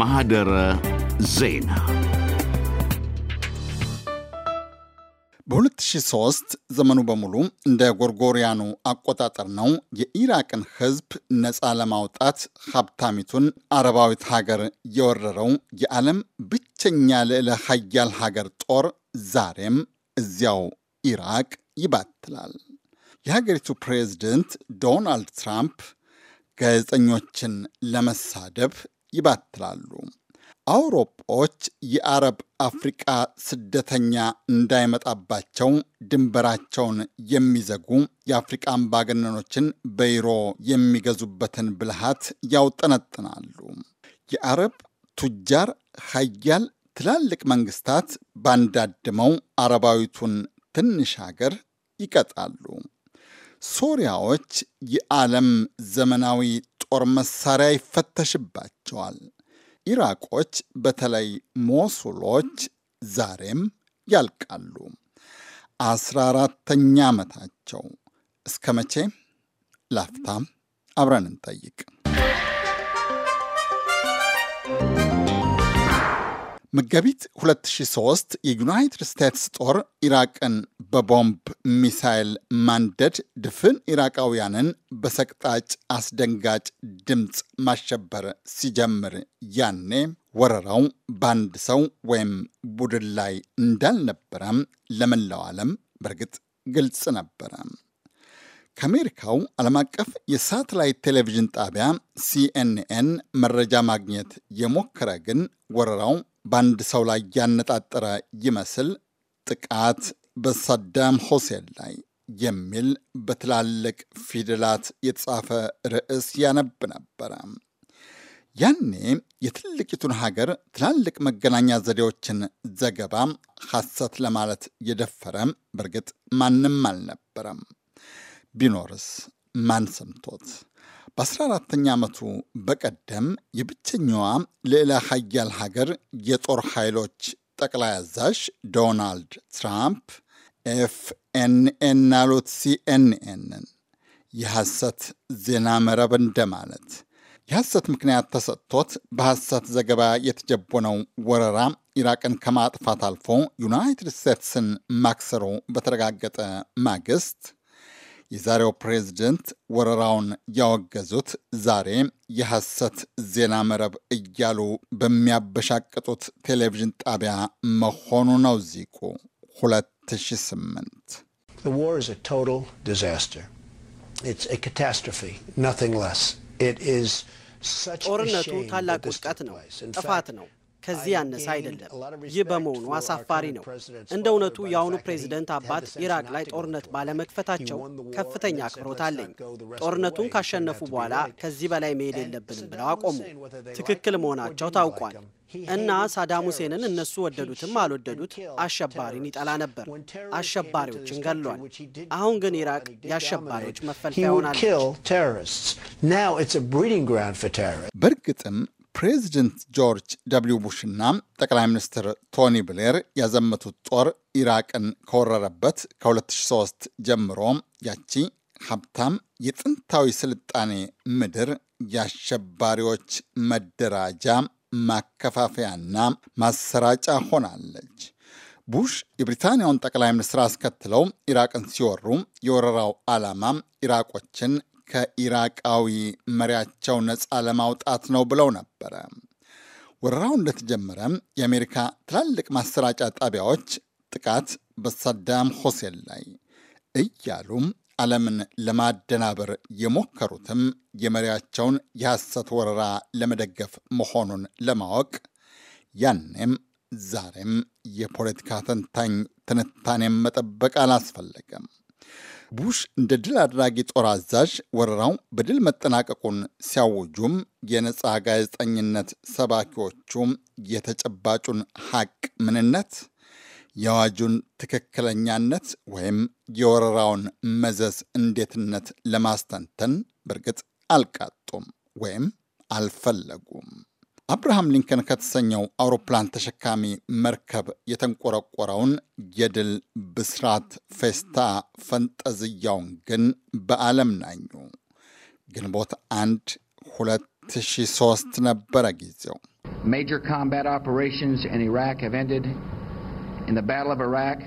ማህደረ ዜና በ2003 ዘመኑ በሙሉ እንደ ጎርጎሪያኑ አቆጣጠር ነው። የኢራቅን ሕዝብ ነፃ ለማውጣት ሀብታሚቱን አረባዊት ሀገር የወረረው የዓለም ብቸኛ ልዕለ ሀያል ሀገር ጦር ዛሬም እዚያው ኢራቅ ይባትላል። የሀገሪቱ ፕሬዝደንት ዶናልድ ትራምፕ ጋዜጠኞችን ለመሳደብ ይባትላሉ። አውሮፓዎች የአረብ አፍሪቃ ስደተኛ እንዳይመጣባቸው ድንበራቸውን የሚዘጉ የአፍሪቃ አምባገነኖችን በይሮ የሚገዙበትን ብልሃት ያውጠነጥናሉ። የአረብ ቱጃር ሀያል ትላልቅ መንግስታት ባንዳድመው አረባዊቱን ትንሽ ሀገር ይቀጣሉ። ሶሪያዎች የዓለም ዘመናዊ የጦር መሳሪያ ይፈተሽባቸዋል። ኢራቆች በተለይ ሞሱሎች ዛሬም ያልቃሉ። አስራ አራተኛ ዓመታቸው እስከ መቼ? ላፍታም አብረን እንጠይቅ። መጋቢት 2003 የዩናይትድ ስቴትስ ጦር ኢራቅን በቦምብ ሚሳይል ማንደድ ድፍን ኢራቃውያንን በሰቅጣጭ አስደንጋጭ ድምፅ ማሸበር ሲጀምር ያኔ ወረራው በአንድ ሰው ወይም ቡድን ላይ እንዳልነበረም ለመላው ዓለም በእርግጥ ግልጽ ነበረ። ከአሜሪካው ዓለም አቀፍ የሳተላይት ቴሌቪዥን ጣቢያ ሲኤንኤን መረጃ ማግኘት የሞከረ ግን ወረራው በአንድ ሰው ላይ ያነጣጠረ ይመስል ጥቃት በሳዳም ሁሴን ላይ የሚል በትላልቅ ፊደላት የተጻፈ ርዕስ ያነብ ነበረ። ያኔ የትልቂቱን ሀገር ትላልቅ መገናኛ ዘዴዎችን ዘገባ ሐሰት ለማለት የደፈረ በእርግጥ ማንም አልነበረም። ቢኖርስ ማን ሰምቶት? በ14ተኛ ዓመቱ በቀደም የብቸኛዋ ልዕለ ሀያል ሀገር የጦር ኃይሎች ጠቅላይ አዛዥ ዶናልድ ትራምፕ ኤፍኤንኤን አሉት ሲኤንኤንን የሐሰት ዜና መረብ እንደማለት የሐሰት ምክንያት ተሰጥቶት በሐሰት ዘገባ የተጀቦነው ወረራ ኢራቅን ከማጥፋት አልፎ ዩናይትድ ስቴትስን ማክሰሩ በተረጋገጠ ማግስት የዛሬው ፕሬዝደንት ወረራውን ያወገዙት ዛሬ የሐሰት ዜና መረብ እያሉ በሚያበሻቅጡት ቴሌቪዥን ጣቢያ መሆኑ ነው። ዚቁ 2008 ጦርነቱ ታላቅ ውድቀት ነው፣ ጥፋት ነው ከዚህ ያነሰ አይደለም። ይህ በመሆኑ አሳፋሪ ነው። እንደ እውነቱ የአሁኑ ፕሬዚደንት አባት ኢራቅ ላይ ጦርነት ባለመክፈታቸው ከፍተኛ አክብሮት አለኝ። ጦርነቱን ካሸነፉ በኋላ ከዚህ በላይ መሄድ የለብንም ብለው አቆሙ። ትክክል መሆናቸው ታውቋል። እና ሳዳም ሁሴንን እነሱ ወደዱትም አልወደዱት አሸባሪን ይጠላ ነበር። አሸባሪዎችን ገሏል። አሁን ግን ኢራቅ የአሸባሪዎች መፈልፊያ ሆናለች። በእርግጥም ፕሬዚደንት ጆርጅ ደብሊው እና ጠቅላይ ሚኒስትር ቶኒ ብሌር ያዘመቱት ጦር ኢራቅን ከወረረበት ከ2003 ጀምሮ ያቺ ሀብታም የጥንታዊ ስልጣኔ ምድር የአሸባሪዎች መደራጃ ማከፋፈያና ማሰራጫ ሆናለች። ቡሽ የብሪታንያውን ጠቅላይ ሚኒስትር አስከትለው ኢራቅን ሲወሩ የወረራው ዓላማ ኢራቆችን ከኢራቃዊ መሪያቸው ነፃ ለማውጣት ነው ብለው ነበረ። ወረራው እንደተጀመረ የአሜሪካ ትላልቅ ማሰራጫ ጣቢያዎች ጥቃት በሳዳም ሁሴን ላይ እያሉም ዓለምን ለማደናበር የሞከሩትም የመሪያቸውን የሐሰት ወረራ ለመደገፍ መሆኑን ለማወቅ ያኔም ዛሬም የፖለቲካ ተንታኝ ትንታኔም መጠበቅ አላስፈለገም። ቡሽ እንደ ድል አድራጊ ጦር አዛዥ ወረራው በድል መጠናቀቁን ሲያውጁም የነጻ ጋዜጠኝነት ሰባኪዎቹ የተጨባጩን ሐቅ ምንነት፣ የአዋጁን ትክክለኛነት ወይም የወረራውን መዘዝ እንዴትነት ለማስተንተን በእርግጥ አልቃጡም ወይም አልፈለጉም። አብርሃም ሊንከን ከተሰኘው አውሮፕላን ተሸካሚ መርከብ የተንቆረቆረውን የድል ብስራት ፌስታ ፈንጠዝያውን ግን በዓለም ናኙ። ግንቦት አንድ 2003 ነበረ ጊዜው። ሜጀር combat operations ኢን Iraq have ኤንድድ In the Battle of Iraq,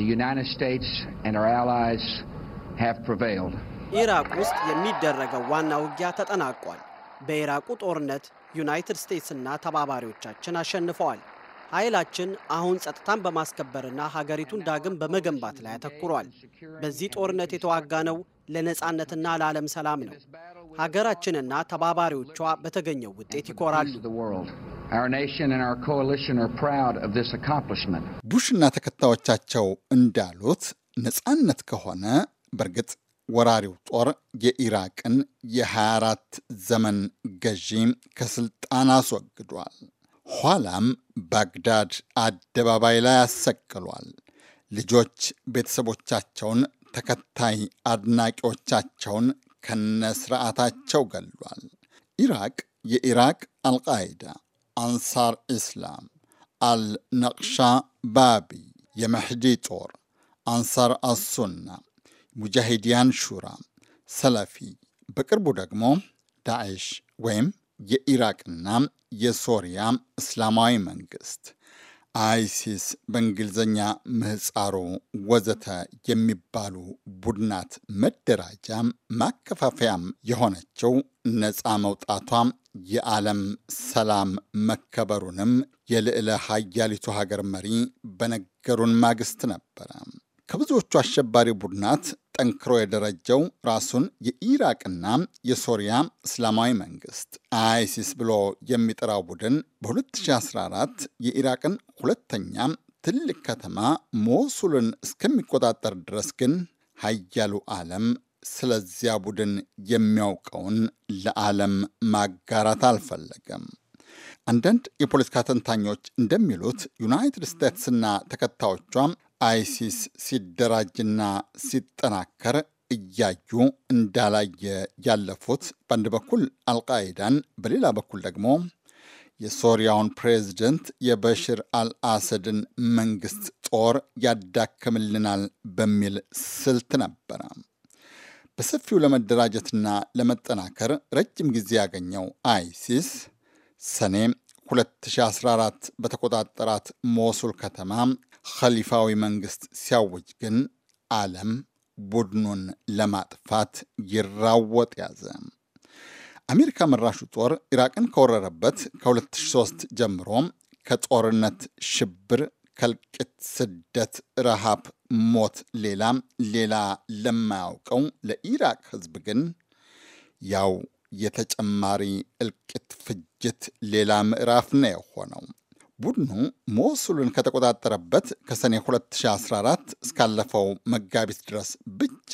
the United States and our allies have prevailed. ኢራቅ ውስጥ የሚደረገው ዋና ውጊያ ተጠናቋል። በኢራቁ ጦርነት ዩናይትድ ስቴትስና ተባባሪዎቻችን አሸንፈዋል። ኃይላችን አሁን ጸጥታን በማስከበርና ሀገሪቱን ዳግም በመገንባት ላይ አተኩሯል። በዚህ ጦርነት የተዋጋነው ለነፃነትና ለዓለም ሰላም ነው። ሀገራችንና ተባባሪዎቿ በተገኘው ውጤት ይኮራሉ። ቡሽና ተከታዮቻቸው እንዳሉት ነፃነት ከሆነ በእርግጥ ወራሪው ጦር የኢራቅን የ24 ዘመን ገዢ ከስልጣን አስወግዷል። ኋላም ባግዳድ አደባባይ ላይ አሰቅሏል። ልጆች ቤተሰቦቻቸውን፣ ተከታይ አድናቂዎቻቸውን ከነ ስርዓታቸው ገሏል። ኢራቅ የኢራቅ አልቃይዳ፣ አንሳር ኢስላም፣ አልነቅሻ ባቢ፣ የመሕዲ ጦር፣ አንሳር አሱና ሙጃሂዲያን ሹራ፣ ሰለፊ፣ በቅርቡ ደግሞ ዳዕሽ ወይም የኢራቅና የሶሪያ እስላማዊ መንግስት አይሲስ በእንግሊዝኛ ምህፃሩ ወዘተ የሚባሉ ቡድናት መደራጃ ማከፋፈያም የሆነችው ነፃ መውጣቷ የዓለም ሰላም መከበሩንም የልዕለ ሀያሊቱ ሀገር መሪ በነገሩን ማግስት ነበረ። ከብዙዎቹ አሸባሪ ቡድናት ጠንክሮ የደረጀው ራሱን የኢራቅና የሶሪያ እስላማዊ መንግስት አይሲስ ብሎ የሚጠራው ቡድን በ2014 የኢራቅን ሁለተኛ ትልቅ ከተማ ሞሱልን እስከሚቆጣጠር ድረስ ግን ሀያሉ ዓለም ስለዚያ ቡድን የሚያውቀውን ለዓለም ማጋራት አልፈለገም። አንዳንድ የፖለቲካ ተንታኞች እንደሚሉት ዩናይትድ ስቴትስና ተከታዮቿ አይሲስ ሲደራጅና ሲጠናከር እያዩ እንዳላየ ያለፉት በአንድ በኩል አልቃይዳን በሌላ በኩል ደግሞ የሶሪያውን ፕሬዝደንት የበሽር አልአሰድን መንግስት ጦር ያዳክምልናል በሚል ስልት ነበረ። በሰፊው ለመደራጀትና ለመጠናከር ረጅም ጊዜ ያገኘው አይሲስ ሰኔ 2014 በተቆጣጠራት ሞሱል ከተማ ኸሊፋዊ መንግስት ሲያውጅ ግን ዓለም ቡድኑን ለማጥፋት ይራወጥ ያዘ። አሜሪካ መራሹ ጦር ኢራቅን ከወረረበት ከ2003 ጀምሮ ከጦርነት፣ ሽብር፣ ከልቅት፣ ስደት፣ ረሃብ፣ ሞት ሌላ ሌላ ለማያውቀው ለኢራቅ ህዝብ ግን ያው የተጨማሪ እልቂት ፍጅት ሌላ ምዕራፍ ነው የሆነው። ቡድኑ ሞሱልን ከተቆጣጠረበት ከሰኔ 2014 እስካለፈው መጋቢት ድረስ ብቻ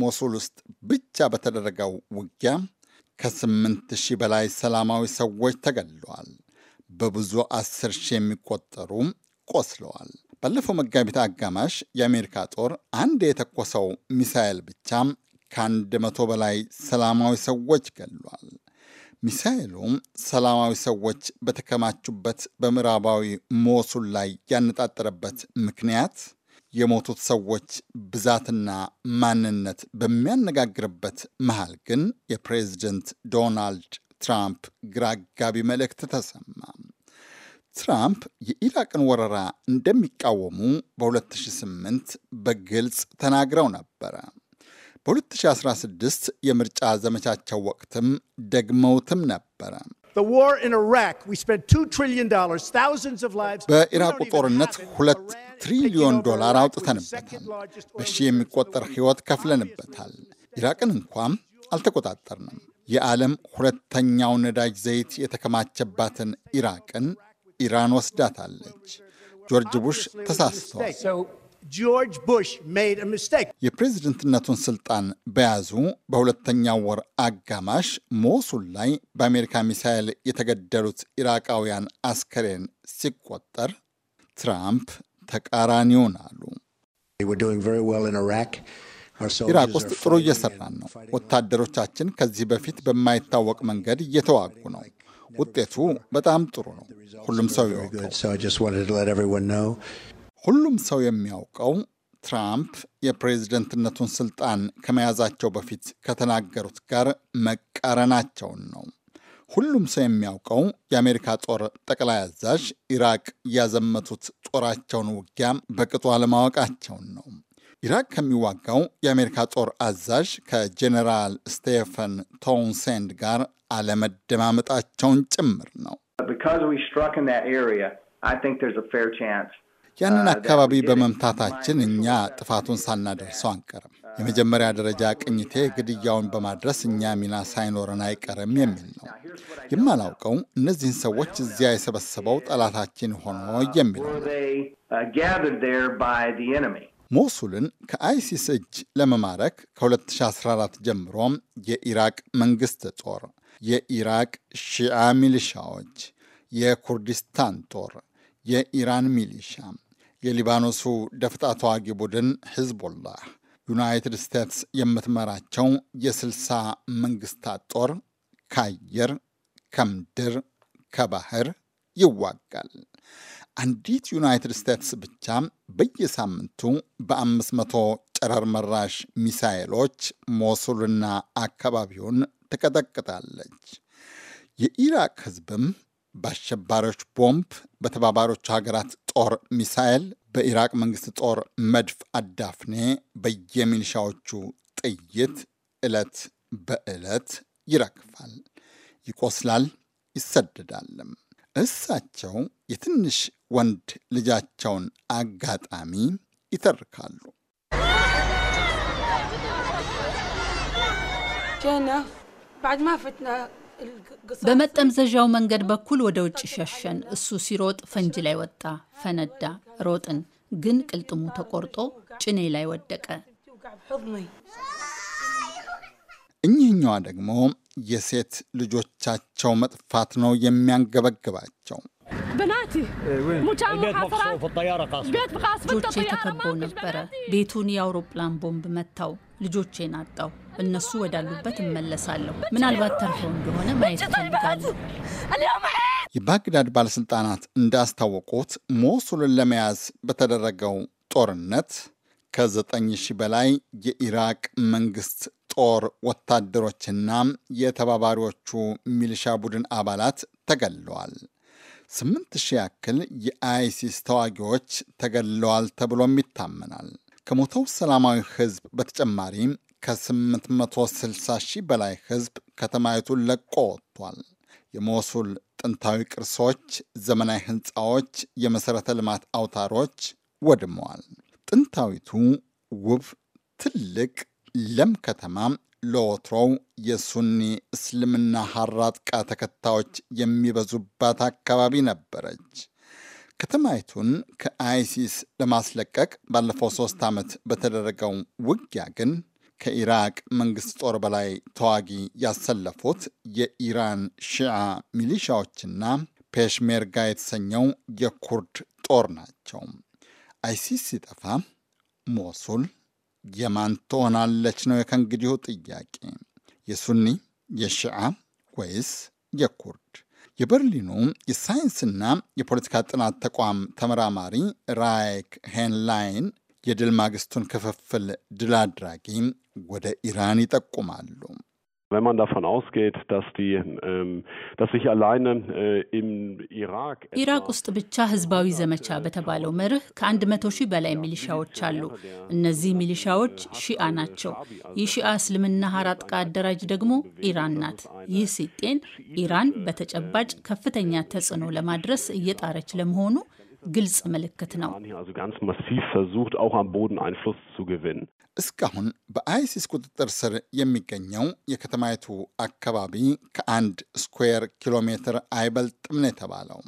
ሞሱል ውስጥ ብቻ በተደረገው ውጊያ ከ8000 በላይ ሰላማዊ ሰዎች ተገድለዋል። በብዙ አስር ሺህ የሚቆጠሩ ቆስለዋል። ባለፈው መጋቢት አጋማሽ የአሜሪካ ጦር አንድ የተኮሰው ሚሳኤል ብቻ ከአንድ መቶ በላይ ሰላማዊ ሰዎች ገሏል። ሚሳኤሉም ሰላማዊ ሰዎች በተከማቹበት በምዕራባዊ ሞሱል ላይ ያነጣጠረበት ምክንያት የሞቱት ሰዎች ብዛትና ማንነት በሚያነጋግርበት መሃል ግን የፕሬዝደንት ዶናልድ ትራምፕ ግራጋቢ መልእክት ተሰማ። ትራምፕ የኢራቅን ወረራ እንደሚቃወሙ በ2008 በግልጽ ተናግረው ነበረ። በ2016 የምርጫ ዘመቻቸው ወቅትም ደግመውትም ነበረ። በኢራቁ ጦርነት ሁለት ትሪሊዮን ዶላር አውጥተንበታል። በሺ የሚቆጠር ሕይወት ከፍለንበታል። ኢራቅን እንኳም አልተቆጣጠርንም። የዓለም ሁለተኛው ነዳጅ ዘይት የተከማቸባትን ኢራቅን ኢራን ወስዳታለች። ጆርጅ ቡሽ ተሳስተዋል። ጆርጅ ቡሽ ሜድ የፕሬዝደንትነቱን ስልጣን በያዙ በሁለተኛው ወር አጋማሽ ሞሱል ላይ በአሜሪካ ሚሳይል የተገደሉት ኢራቃውያን አስከሬን ሲቆጠር ትራምፕ ተቃራኒውን አሉ። ኢራቅ ውስጥ ጥሩ እየሰራን ነው። ወታደሮቻችን ከዚህ በፊት በማይታወቅ መንገድ እየተዋጉ ነው። ውጤቱ በጣም ጥሩ ነው። ሁሉም ሰው ይወቀው። ሁሉም ሰው የሚያውቀው ትራምፕ የፕሬዝደንትነቱን ስልጣን ከመያዛቸው በፊት ከተናገሩት ጋር መቃረናቸውን ነው። ሁሉም ሰው የሚያውቀው የአሜሪካ ጦር ጠቅላይ አዛዥ ኢራቅ ያዘመቱት ጦራቸውን ውጊያ በቅጡ አለማወቃቸውን ነው። ኢራቅ ከሚዋጋው የአሜሪካ ጦር አዛዥ ከጄኔራል ስቴፈን ቶንሴንድ ጋር አለመደማመጣቸውን ጭምር ነው። ያንን አካባቢ በመምታታችን እኛ ጥፋቱን ሳናደርሰው አንቀርም። የመጀመሪያ ደረጃ ቅኝቴ ግድያውን በማድረስ እኛ ሚና ሳይኖረን አይቀርም የሚል ነው። የማላውቀው እነዚህን ሰዎች እዚያ የሰበሰበው ጠላታችን ሆኖ uh, የሚለው uh, ሞሱልን ከአይሲስ እጅ ለመማረክ ከ2014 ጀምሮም የኢራቅ መንግሥት ጦር፣ የኢራቅ ሺዓ ሚሊሻዎች፣ የኩርዲስታን ጦር፣ የኢራን ሚሊሻ የሊባኖሱ ደፍጣ ተዋጊ ቡድን ህዝቦላ ዩናይትድ ስቴትስ የምትመራቸው የስልሳ መንግስታት ጦር ከአየር ከምድር ከባህር ይዋጋል። አንዲት ዩናይትድ ስቴትስ ብቻ በየሳምንቱ በ500 ጨረር መራሽ ሚሳይሎች ሞሱልና አካባቢውን ትቀጠቅጣለች። የኢራቅ ህዝብም በአሸባሪዎች ቦምብ በተባባሪዎቹ ሀገራት ጦር ሚሳኤል፣ በኢራቅ መንግስት ጦር መድፍ አዳፍኔ፣ በየሚሊሻዎቹ ጥይት ዕለት በዕለት ይረግፋል፣ ይቆስላል፣ ይሰደዳልም። እሳቸው የትንሽ ወንድ ልጃቸውን አጋጣሚ ይተርካሉ። ጀና ባድማ ፍትና በመጠምዘዣው መንገድ በኩል ወደ ውጭ ሸሸን። እሱ ሲሮጥ ፈንጅ ላይ ወጣ፣ ፈነዳ። ሮጥን፣ ግን ቅልጥሙ ተቆርጦ ጭኔ ላይ ወደቀ። እኚህኛዋ ደግሞ የሴት ልጆቻቸው መጥፋት ነው የሚያንገበግባቸው። ልጆቼ ተከበው ነበረ። ቤቱን የአውሮፕላን ቦምብ መታው። ልጆቼን አጣው። እነሱ ወዳሉበት እመለሳለሁ። ምናልባት ተርፈው እንደሆነ ማየት ይፈልጋሉ። የባግዳድ ባለሥልጣናት እንዳስታወቁት ሞሱልን ለመያዝ በተደረገው ጦርነት ከዘጠኝ ሺህ በላይ የኢራቅ መንግስት ጦር ወታደሮችና የተባባሪዎቹ ሚሊሻ ቡድን አባላት ተገለዋል። ስምንት ሺህ ያክል የአይሲስ ተዋጊዎች ተገለዋል ተብሎም ይታመናል። ከሞተው ሰላማዊ ህዝብ በተጨማሪ ከ860 ሺህ በላይ ህዝብ ከተማይቱን ለቆ ወጥቷል። የሞሱል ጥንታዊ ቅርሶች፣ ዘመናዊ ህንፃዎች፣ የመሠረተ ልማት አውታሮች ወድመዋል። ጥንታዊቱ ውብ ትልቅ ለም ከተማ ለወትሮው የሱኒ እስልምና ሐራጥቃ ተከታዮች የሚበዙባት አካባቢ ነበረች። ከተማይቱን ከአይሲስ ለማስለቀቅ ባለፈው ሶስት ዓመት በተደረገው ውጊያ ግን ከኢራቅ መንግስት ጦር በላይ ተዋጊ ያሰለፉት የኢራን ሺዓ ሚሊሻዎችና ፔሽሜርጋ የተሰኘው የኩርድ ጦር ናቸው። አይሲስ ሲጠፋ ሞሱል የማን ትሆናለች ነው ከእንግዲሁ ጥያቄ። የሱኒ የሺዓ ወይስ የኩርድ? የበርሊኑ የሳይንስና የፖለቲካ ጥናት ተቋም ተመራማሪ ራይክ ሄንላይን የድል ማግስቱን ክፍፍል ድል አድራጊ ወደ ኢራን ይጠቁማሉ። Wenn man davon ausgeht, dass, die, ähm, dass sich alleine äh, im Irak ኢራቅ ውስጥ ብቻ ህዝባዊ ዘመቻ በተባለው መርህ ከ መቶ ሺህ በላይ ሚሊሻዎች አሉ። እነዚህ ሚሊሻዎች ሺአ ናቸው። የሺአ እስልምና ሀራ ጥቃ አደራጅ ደግሞ ኢራን ናት። ይህ ሲጤን ኢራን በተጨባጭ ከፍተኛ ተጽዕኖ ለማድረስ እየጣረች ለመሆኑ ግልጽ ምልክት ነው። እስካሁን በአይሲስ ቁጥጥር ስር የሚገኘው የከተማይቱ አካባቢ ከአንድ ስኩዌር ኪሎ ሜትር አይበልጥም ነው የተባለው።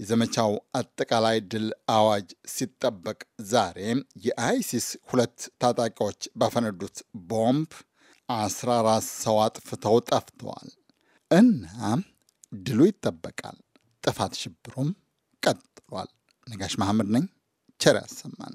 የዘመቻው አጠቃላይ ድል አዋጅ ሲጠበቅ ዛሬ የአይሲስ ሁለት ታጣቂዎች ባፈነዱት ቦምብ 14 ሰው አጥፍተው ጠፍተዋል እና ድሉ ይጠበቃል። ጥፋት ሽብሩም ቀጥሏል። ነጋሽ መሐመድ ነኝ። ቸር ያሰማን።